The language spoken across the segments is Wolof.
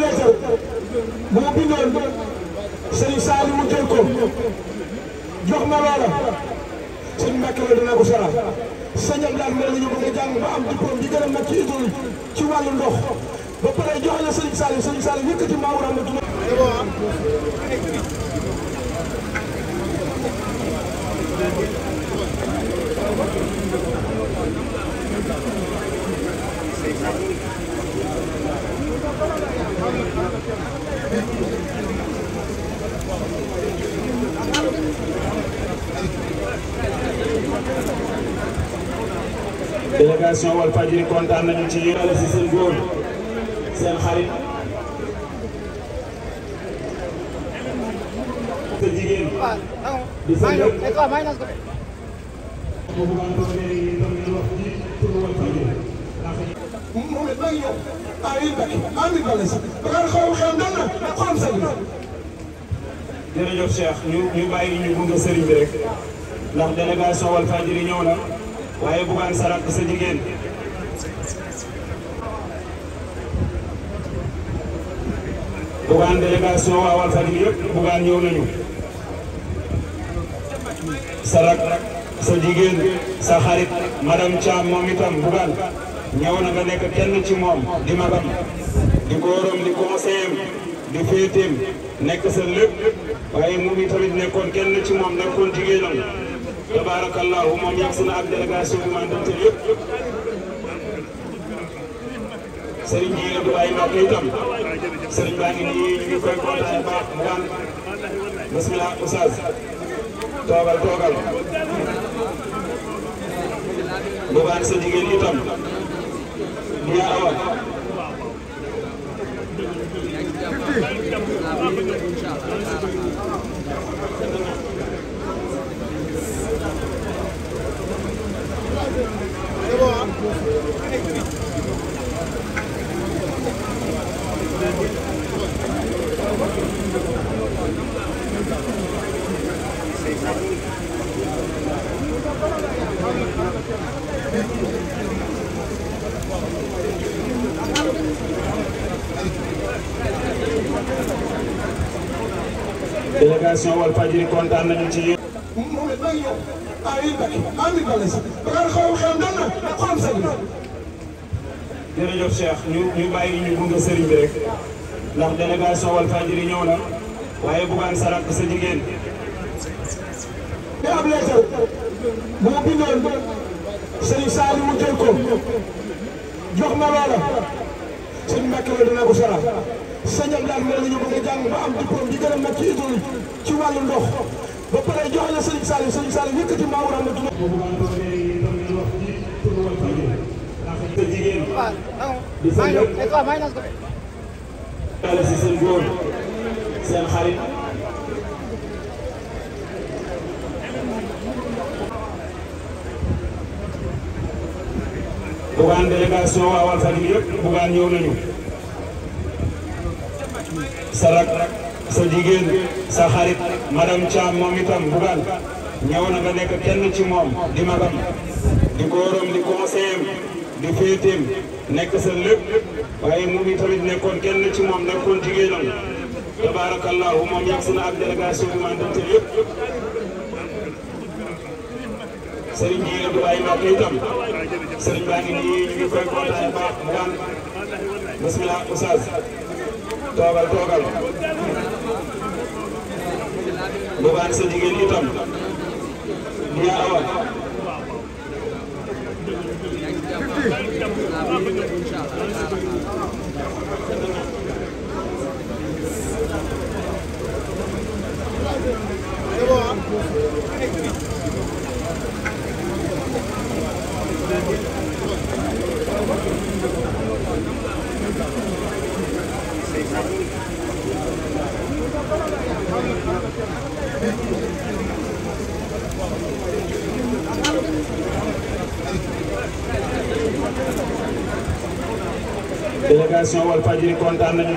lettre bu mu bindoon Serigne Saliou mu jël ma loola a Mbacke la dana ko saral sëñ Abdoulaye Mbacke la ñu bëgg a jàng ba am diplôme gën a mag ci itam ci wàllu ndox ba pare a la Serigne Saliou Serigne Saliou yëkkati maa war a délégation Walfadjri nañu ci yéen si seen góor seen xarit sa jigéen di sa lépp boobu maa ngi doon léegi itam ñu wax ci turu Walfadjri moom it maa ngi waaye bugaan sarax sa jigéen bugaan délégation waa Walfadjri yëpp bugaan ñëw nañu sarax sa jigéen sa xarit madame Thiam moom itam nekk kenn ci moom di magam di góoram di conseil di féeteem nekk sa lépp waaye moom itamit nekkoon kenn ci moom nekkoon jigéenam tabaarakallaahu moom yegsi na ak délégation bi man dem yëpp sëriñ bi yëpp bàyyi ma koy tam sëriñ baa ngi nii ñu ngi koy mu daan bismillah oustaz toogal toogal bu baax sa jigéen itam yaa awa Thank délégation Walfadjri kontaan nañu ci yéen. moom it maa ngi ñëw ah yéen bëgg maa ngi bëgg si ba xaw xew doon na ak xolam sëñ bi. jërëjëf Cheikh ñu ñu bàyyi ñu gunge sëriñ bi rek ndax délégation Walfadjri ñëw na waaye bugaan sarak sa jigéen. ab leetar bu mu bindoon sëriñ Saliou mu jël ko jox ma loola sëñ Mbacke dina ko sara sëñ Abdoulaye mel nañu bëgg a jàng ba am diplôme di gën a mag ci ci wàllu ba pare joxe la Serigne Saliou Serigne Saliou yëkkati maa war a amatu. di seen yëpp yàlla si seen góor seen sa rak sa jigéen sa xarit madame Thiam moom itam bugaan ñëw na nga nekk kenn ci moom di magam di góoram di conseil di féeteem nekk sa lépp waaye moom itamit nekkoon kenn ci moom nekkoon jigéenam tabaarakallaahu moom yegg na ak délégation bi man yëpp sëriñ bi waaye maa koy tam sëriñ nii ñu ngi koy kontaan baax bugaan bismillah oustaz toogal toogal bugaan sa délégation Walfadjri kontaan nañu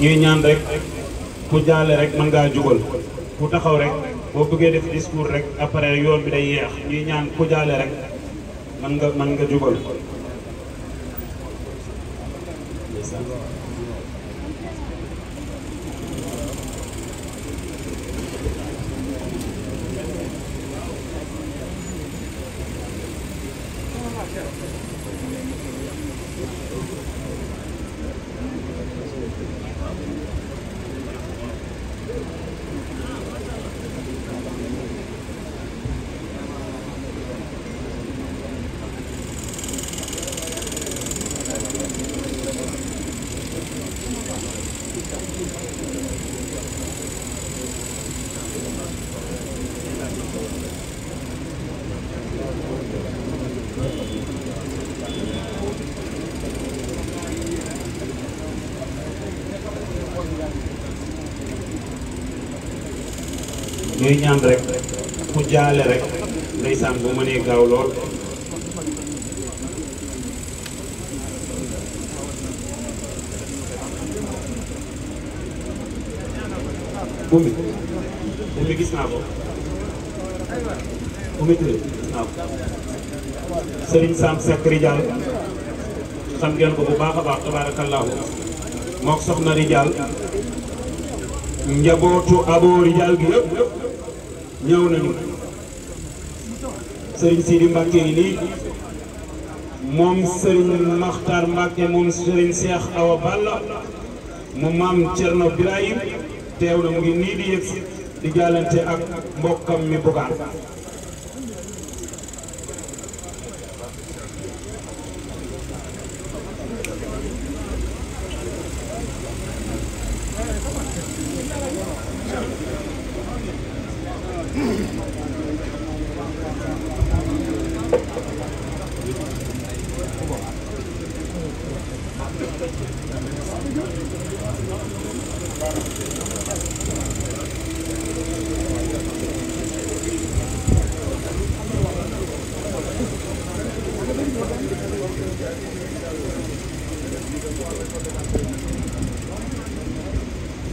ñuy ñaan rek ku jaale rek man ngaa jugal ku taxaw rek boo bëggee def discours rek après yoon bi day yeex ñuy ñaan ku jaale rek mën nga mën nga jugal. may ñaan rek ku jaale rek ndeysaan bu mënee gaaw lool Oumy Oumy gis naa ko Oumy xam ngeen ko bu baax a baax tabaarakallaahu mook soxna Rijal njabootu aboo Rijal gi yëpp ñëw nañu sëriñ Sidi Mbacke yi nii moom sëriñ Makhtar Mbacke moom sëriñ Cheikh Awa Balla mu maam Thierno Birahim teew na ngi nii di yëg di jàllante ak mbokkam mi bugaan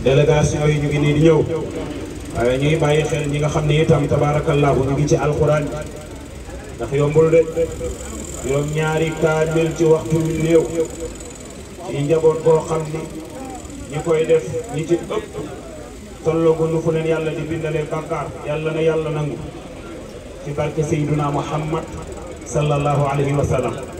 délégation yi ñu ngi nii di ñëw waaye ñuy bàyyi xel ñi nga xam ne itam tabaarakallaahu ñu ngi ci alxuraan ndax yombul de juróom ñaari kaamil ci waxtu wi néew ci njaboot boo xam ni ñi koy def ñi ci tolloogu nu fu leen yàlla di bindalee bàkkaar yàlla na yàlla nangu ci barke Seyduna Muhammad sallallahu alayhi wa